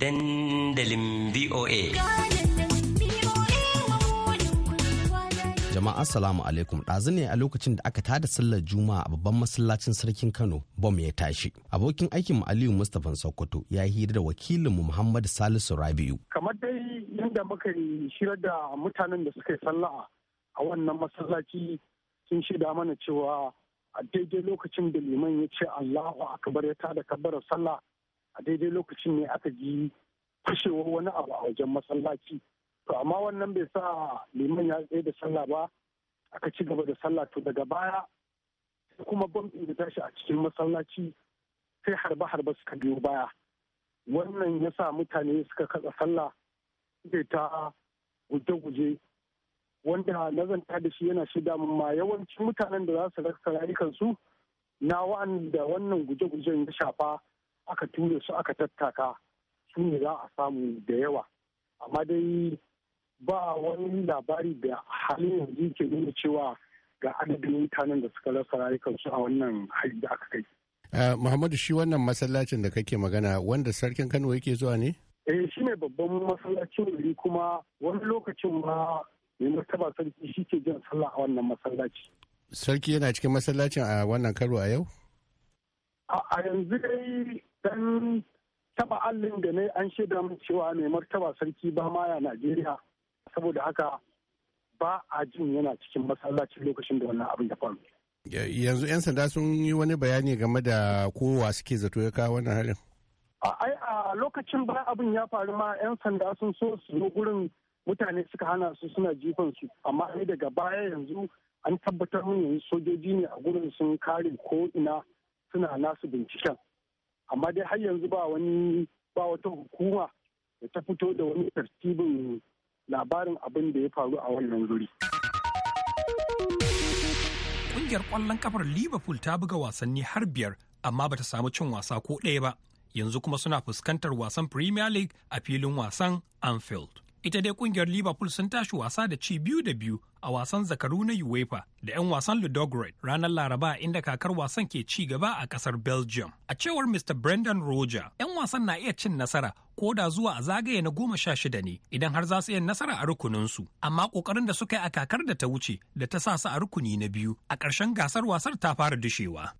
dandalin VOA. Jama'a salamu alaikum ɗazu ne a lokacin da aka tada sallar juma'a a babban masallacin sarkin Kano bom ya tashi. Abokin aikin mu Aliyu Mustapha Sokoto ya hira da wakilin mu Muhammad Salisu Rabi'u. Kamar dai yadda muka shirar da mutanen da suka yi sallah a wannan masallaci sun shaida mana cewa a daidai lokacin da liman ya ce Allahu akbar ya tada kabbarar sallah a daidai lokacin ne aka ji fashewar wani abu a wajen masallaci to amma wannan bai sa liman ya tsaye da sallah ba aka ci gaba da sallah to daga baya kuma bambin da tashi a cikin masallaci sai harba-harba suka biyo baya wannan ya sa mutane suka katsa sallah suka ta guje-guje wanda nazanta da shi yana shida ma yawancin mutanen da za su rasa rayukansu na wa'anda wannan guje-gujen ya shafa aka ture su aka tattaka su ne za a samu da yawa amma dai ba wani labari da halin yanzu ke nuna cewa ga adadin mutanen da suka rasa rayukansu a wannan hali da aka kai. Eh, Muhammadu shi wannan masallacin da kake magana wanda sarkin Kano yake zuwa ne? Eh shi ne babban masallacin wuri kuma wani lokacin ma mai martaba sarki shi ke jin sallah a wannan masallaci. Sarki yana cikin masallacin a wannan karo a yau? A yanzu dai dan taba allin da ne an shaida min cewa mai martaba sarki ba maya najeriya saboda haka ba a jin yana cikin masallaci lokacin da wannan abin da faru yanzu 'yan sanda sun yi wani bayani game da kowa suke zato ya kawo wannan halin a lokacin bayan abin ya faru ma 'yan sanda sun so su zo gurin mutane suka hana su suna jifan su amma ai daga baya yanzu an tabbatar mun yanzu sojoji ne a gurin sun kare ko ina suna nasu binciken amma dai har yanzu ba wani ba wata hukuma da ta fito da wani tartibin labarin abin da ya faru a wannan guri. Ƙungiyar ƙwallon kafar Liverpool ta buga wasanni har biyar amma bata samu cin wasa ko ɗaya ba. Yanzu kuma suna fuskantar wasan Premier League a filin wasan Anfield. ita dai kungiyar liverpool sun tashi wasa da ci biyu da biyu a wasan zakaru na uefa da 'yan wasan ludogorets ranar laraba inda kakar wasan ke ci gaba a kasar belgium a cewar mr brendan roger 'yan wasan na iya cin nasara ko da zuwa a zagaye na goma sha shida ne idan har za su iya nasara a rukuninsu amma kokarin da suka yi a kakar da ta wuce da ta sa su a rukuni na biyu a ƙarshen gasar wasar ta fara dushewa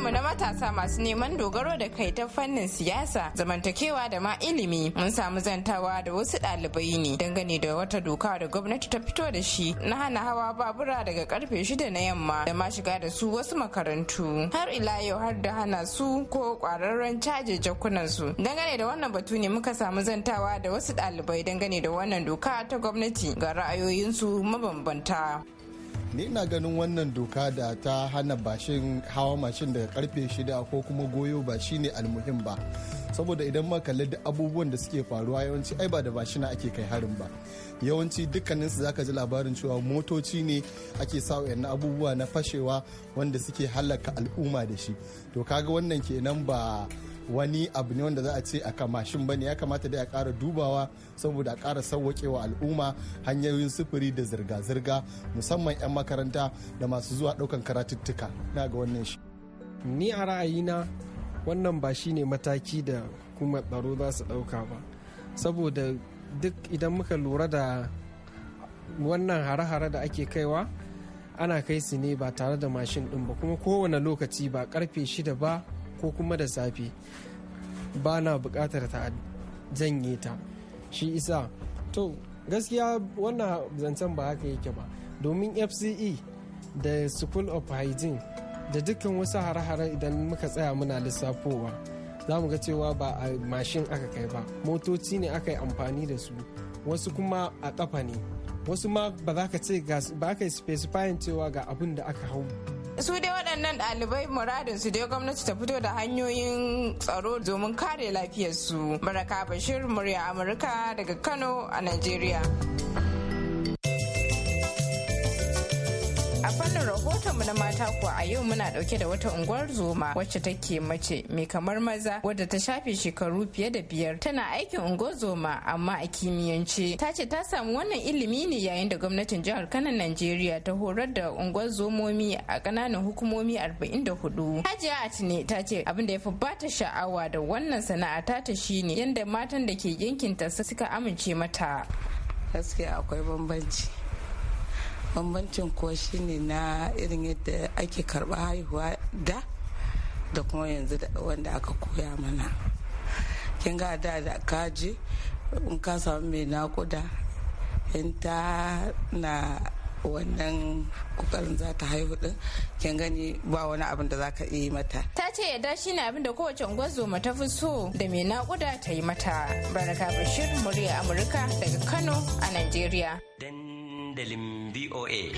mu na matasa masu neman dogaro da kai ta fannin siyasa, zamantakewa da ma ilimi mun samu zantawa da wasu ɗalibai ne dangane da wata doka da gwamnati ta fito da shi na hana hawa babura daga karfe shida na yamma da ma shiga da su wasu makarantu. Har ila yau har da hana su ko kwararren caji jakunan su. Dangane da wannan batu ne muka samu zantawa da wasu ɗalibai dangane da wannan doka ta gwamnati ga ra'ayoyinsu mabambanta. ni ina ganin wannan doka da ta hana bashin hawa mashin daga karfe shida ko kuma goyo ba shine almuhim ba saboda idan ma kalli da abubuwan da suke faruwa yawanci ai ba da bashina ake kai harin ba yawanci dukkanin su zaka ji labarin cewa motoci ne ake sa yana abubuwa na fashewa wanda suke halaka al'umma da shi to kaga wannan kenan ba wani abu ne wanda za a ce a kamashin bane ya kamata dai a kara dubawa saboda a ƙara sauwaƙewa al'umma hanyoyin sufuri da zirga-zirga musamman 'yan makaranta da masu zuwa ɗaukan karatuttuka na ga wannan shi ni a ra'ayina wannan ba shi ne mataki da kuma tsaro za su ɗauka ba saboda duk idan muka lura da wannan hare-hare da ake kaiwa ana kai su ne ba tare da mashin ɗin ba kuma kowane lokaci ba karfe shida ba ko kuma da safe ba na buƙatar ta janye ta shi isa to gaskiya wannan zancen ba haka yake ba domin fce da school of hygiene da dukkan wasu hare-hare idan muka tsaya muna lissafowa za mu ga cewa ba a mashin aka kai ba motoci ne aka yi amfani da su wasu kuma a kafa ne wasu ma ba za ka ce ba ka yi specifying cewa ga abin da aka hau su dai waɗannan ɗalibai muradin su dai gwamnati ta fito da hanyoyin tsaro domin kare lafiyarsu baraka bashir murya amurka daga kano a najeriya mu na mata kuwa a yau muna dauke da wata unguwar zoma wacce take mace mai kamar maza wadda ta shafe shekaru fiye da biyar tana aikin unguwar zoma amma a kimiyyance ta ce ta samu wannan ilimi ne yayin da gwamnatin jihar Kano Najeriya ta horar da unguwar zomomi a kananan hukumomi 44. Hajiya Atine ta ce abin da ya fi bata sha'awa da wannan sana'a ta ta ne yadda matan da ke yankinta suka amince mata. Gaskiya akwai bambanci. bambancin kuwa shine na irin yadda ake karba haihuwa da da kuma yanzu wanda aka koya mana kin ga da da kaji in ka samu mai nakuda in ta na wannan kokarin za ta haihu din kin gani ba wani abin da za ka yi mata ta ce yadda shi ne abin da kowace ungwazoma ta fi so da mai nakuda ta yi mata baraka bashir murya amurka daga kano a nigeria dandalin VOA.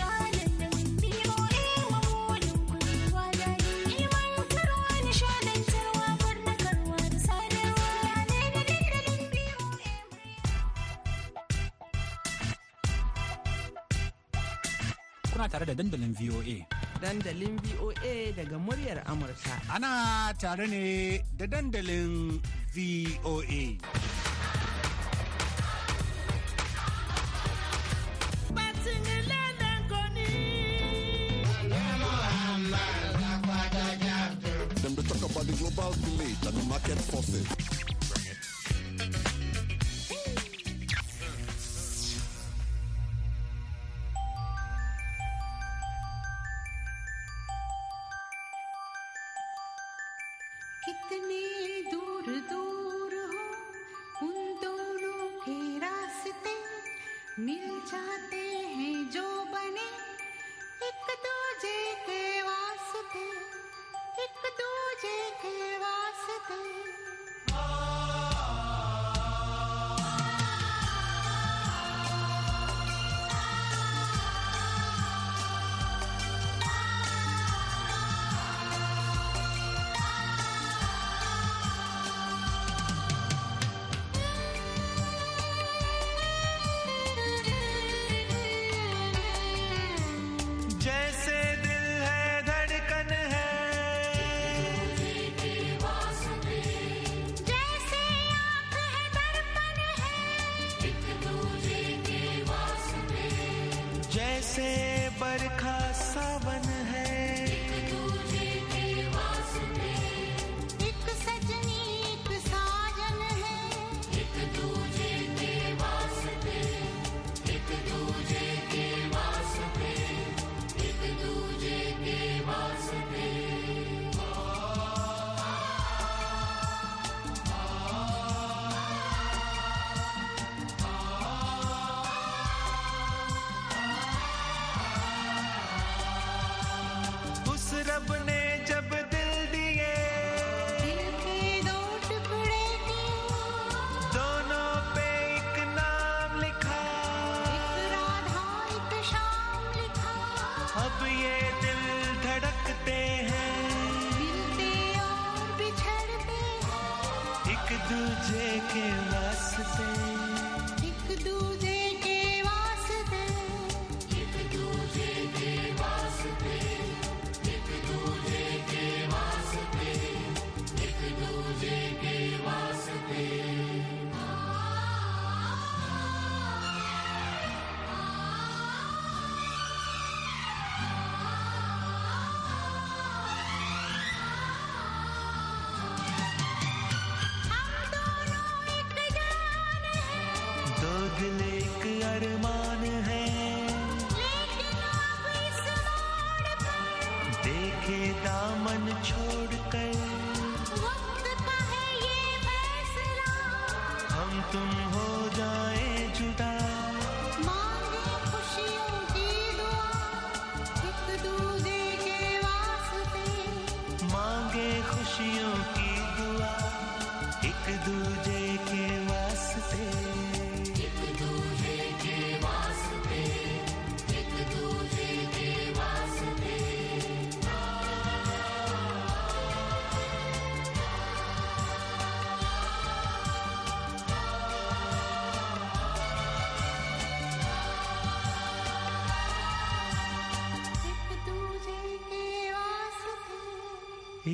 Kuna tare da dandalin VOA. Dandalin VOA daga muryar Amurka. Ana tare ne da dandalin VOA. market forces. Bring it. कितने दूर दूर हो उन दोनों के रास्ते मिल जाते say दूजे के वास्ते एक दूजे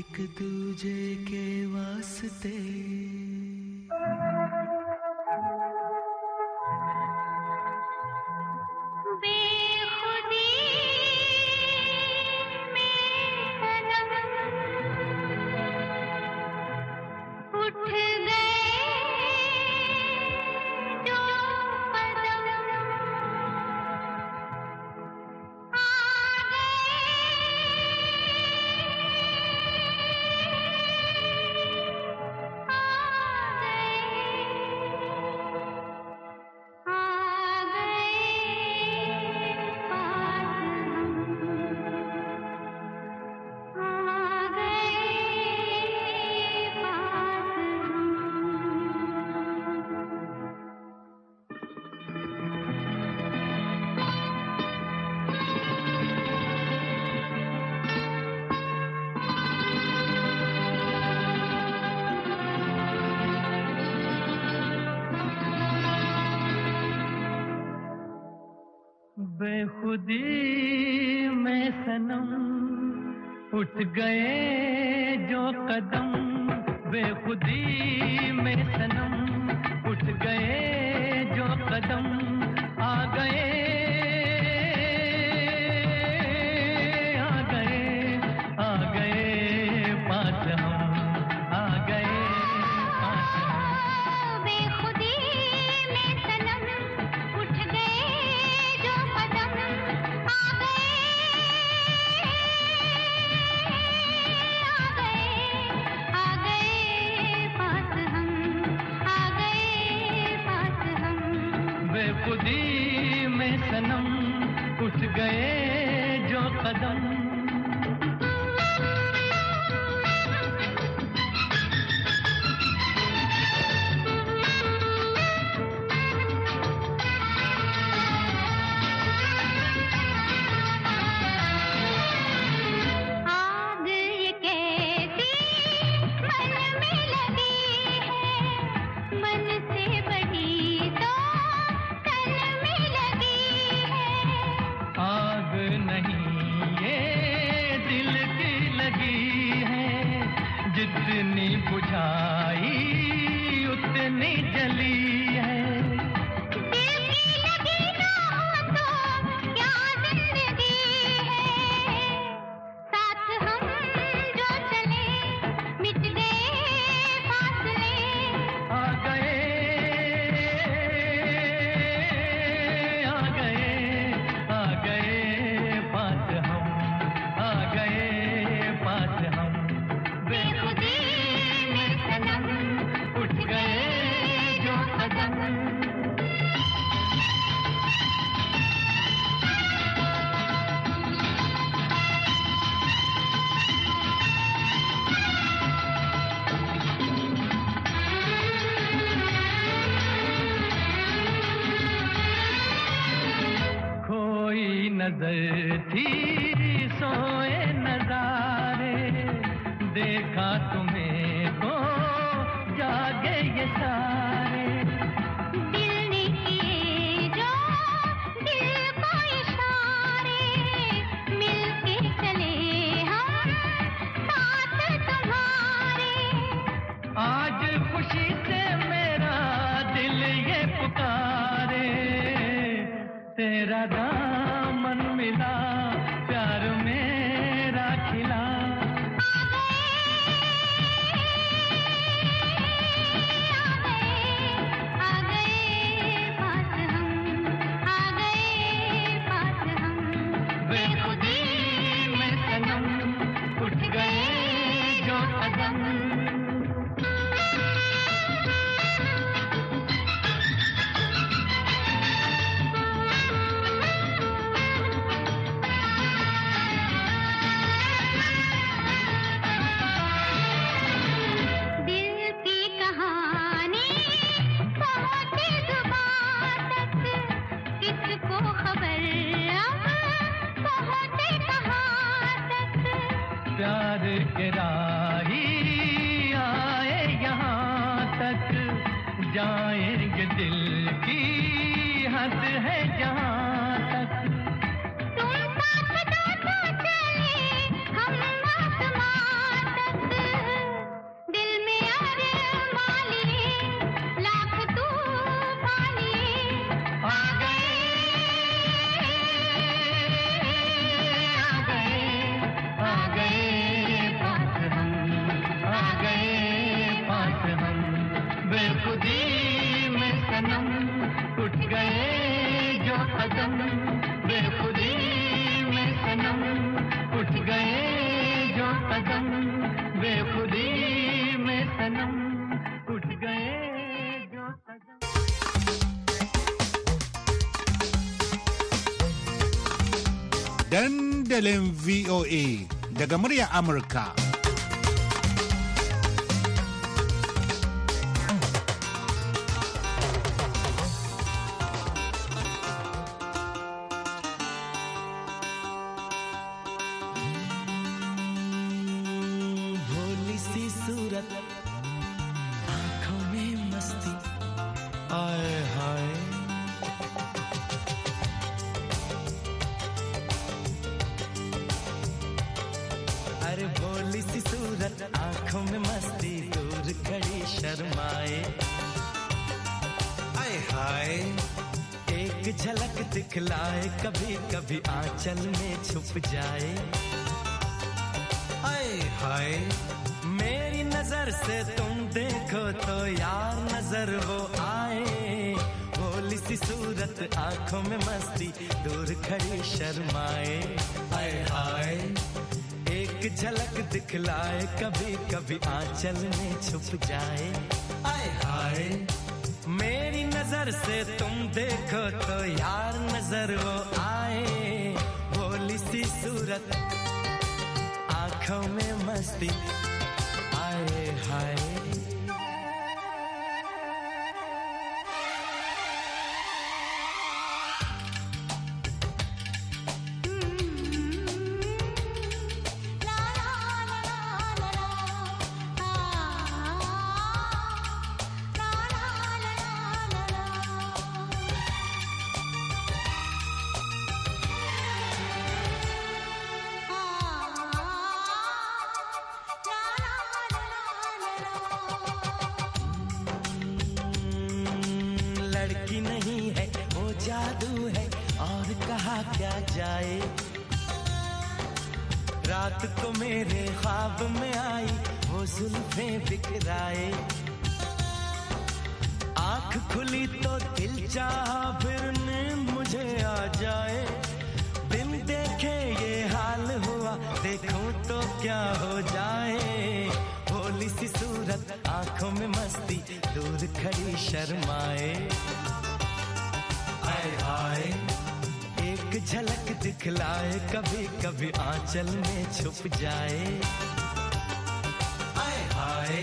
एक दूजे के वास्ते खुदी में सनम उठ गए जो कदम बेखुदी में सनम उठ गए जो कदम थी dandalin VOA daga murya Amurka. सूरत आंखों में मस्ती आए आंखों में मस्ती दूर खड़ी शर्माए आए हाय एक झलक दिखलाए कभी कभी आंचल में छुप जाए आए हाय मेरी नजर से तुम देखो तो यार नजर वो आए भोली सी सूरत आंखों में मस्ती दूर खड़ी शर्माए आए हाय झलक दिखलाए कभी कभी आंचल में छुप जाए आए हाय मेरी नजर से तुम देखो तो यार नजर वो आए भोली सी सूरत आंखों में मस्ती आए हाय शर्माए आए आए एक झलक दिखलाए कभी कभी आंचल में छुप जाए आए आए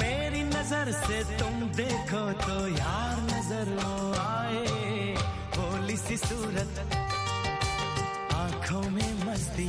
मेरी नजर से तुम देखो तो यार नजर आए भोली सी सूरत आंखों में मस्ती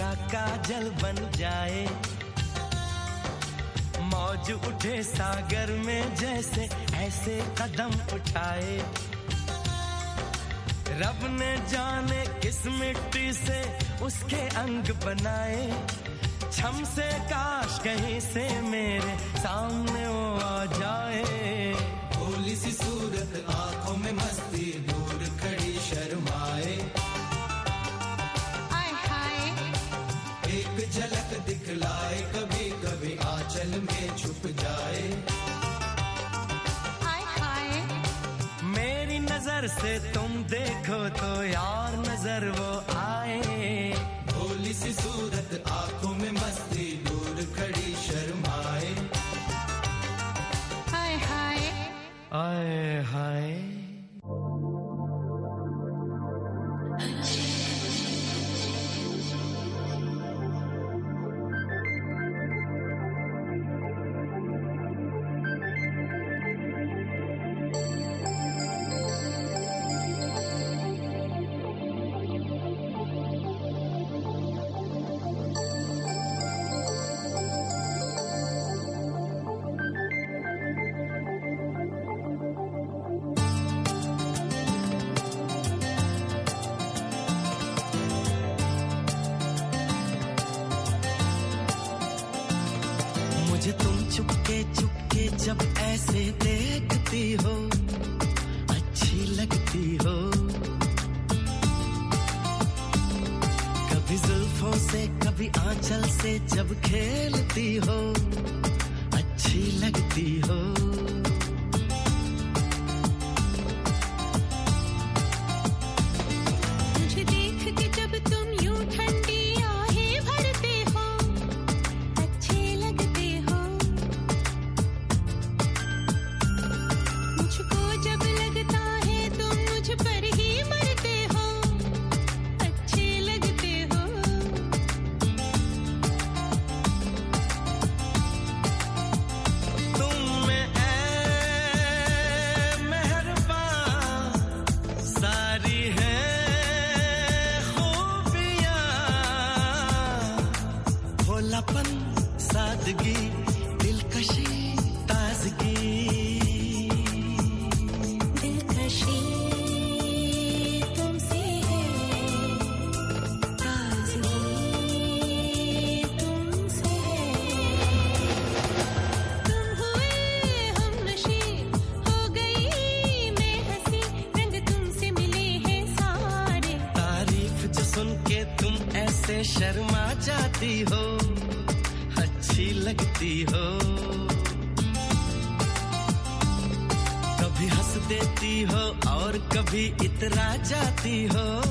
का काजल बन जाए मौज उठे सागर में जैसे ऐसे कदम उठाए रब ने जाने किस मिट्टी से उसके अंग बनाए छम से काश कहीं से मेरे सामने वो आ जाए से तुम देखो तो यार नजर वो आए भोली सी सूरत आंखों में मस्ती दूर खड़ी शर्माए हाय हाय हाय हाय चुपके जब ऐसे देखती हो अच्छी लगती हो कभी जुल्फों से कभी आंचल से जब खेलती हो अच्छी लगती हो भोलापन सादगी दिलकशी ताजगी इतरा जाती हो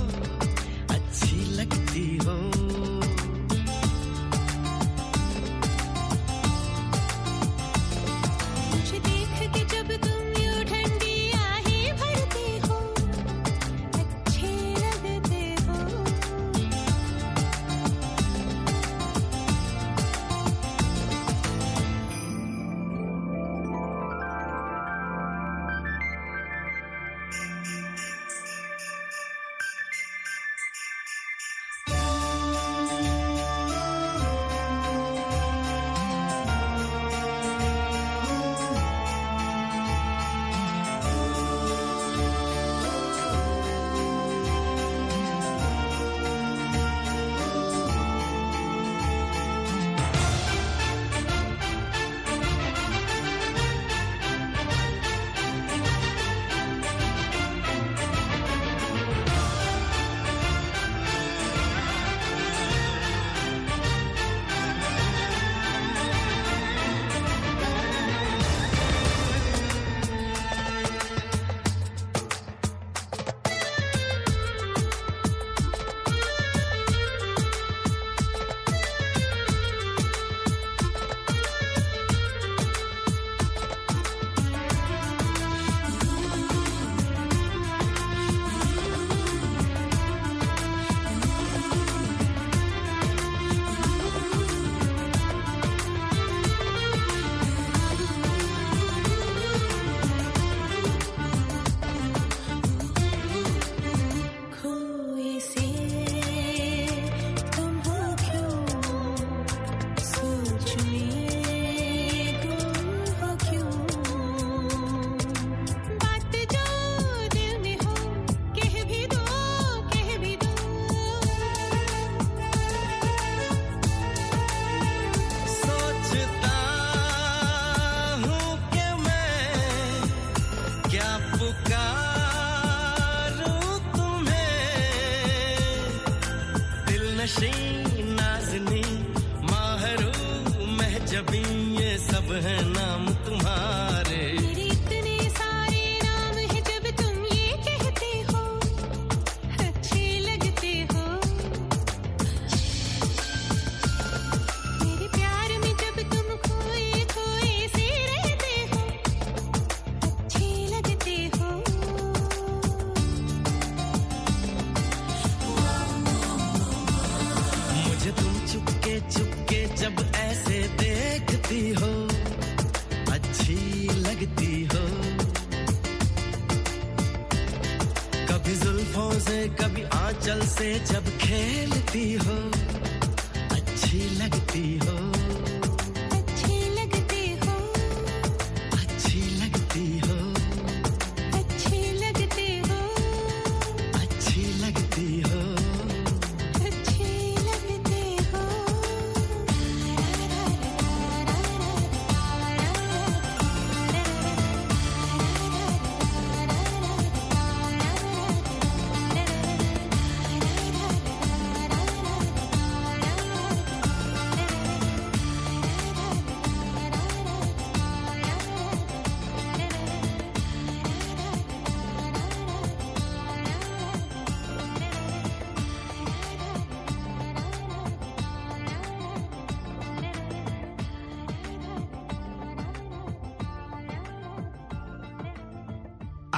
लगती हो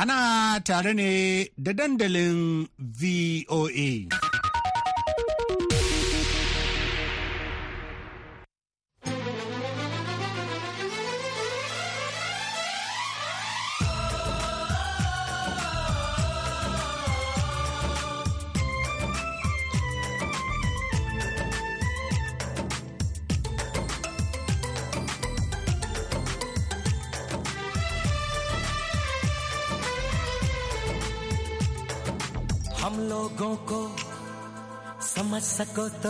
Ana tare ne da dandalin VOA. सको तो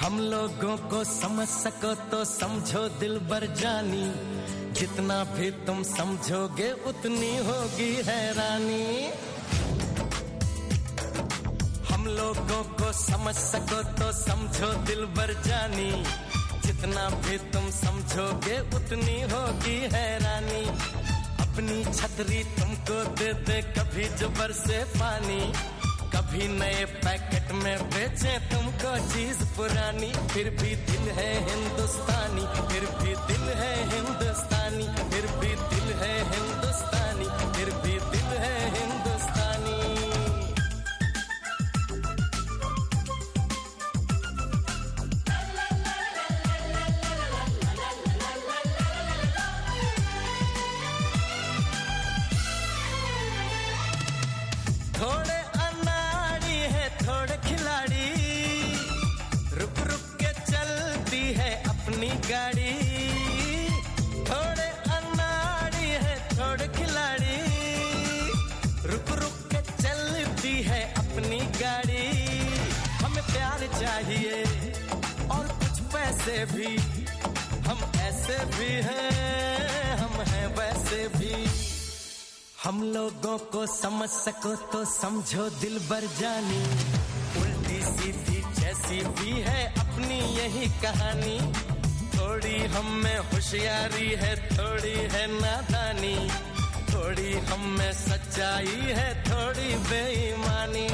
हम लोगों को समझ सको तो समझो दिल बर जानी जितना भी तुम समझोगे उतनी होगी हैरानी हम लोगों को समझ सको तो समझो दिल बर जानी जितना भी तुम समझोगे उतनी होगी हैरानी अपनी छतरी तुमको दे दे कभी जबर से पानी कभी नए पैकेट में बेचे तुमको चीज पुरानी फिर भी दिल है हिंदुस्तानी फिर भी दिल है हिंदुस्तानी वैसे भी हम ऐसे भी हैं हम हैं वैसे भी हम लोगों को समझ सको तो समझो दिल भर जानी उल्टी सीधी जैसी भी है अपनी यही कहानी थोड़ी हम में होशियारी है थोड़ी है नादानी थोड़ी हम में सच्चाई है थोड़ी बेईमानी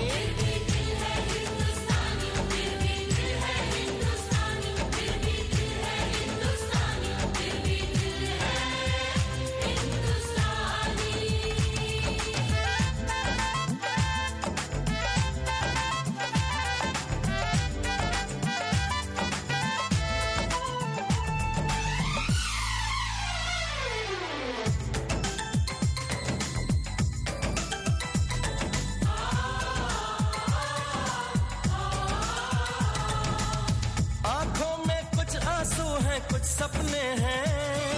हैं कुछ सपने हैं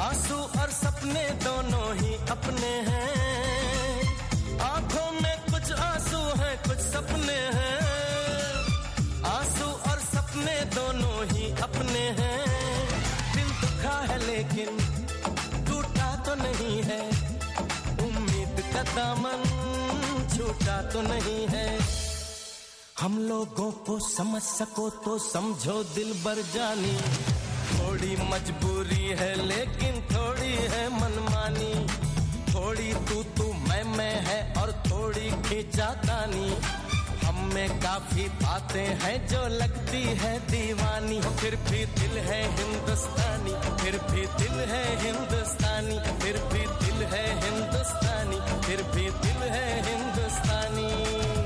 आंसू और सपने दोनों ही अपने हैं आंखों में कुछ आंसू हैं कुछ सपने हैं आंसू और सपने दोनों ही अपने हैं दिल दुखा है लेकिन टूटा तो नहीं है उम्मीद का दामन छूटा तो नहीं है हम लोगों को समझ सको तो समझो दिल भर जानी थोड़ी मजबूरी है लेकिन थोड़ी है मनमानी थोड़ी तू तू मैं मैं है और थोड़ी खींचा तानी हम में काफी बातें हैं जो लगती है दीवानी फिर भी दिल है हिंदुस्तानी फिर भी दिल है हिंदुस्तानी फिर भी दिल है हिंदुस्तानी फिर भी दिल है हिंदुस्तानी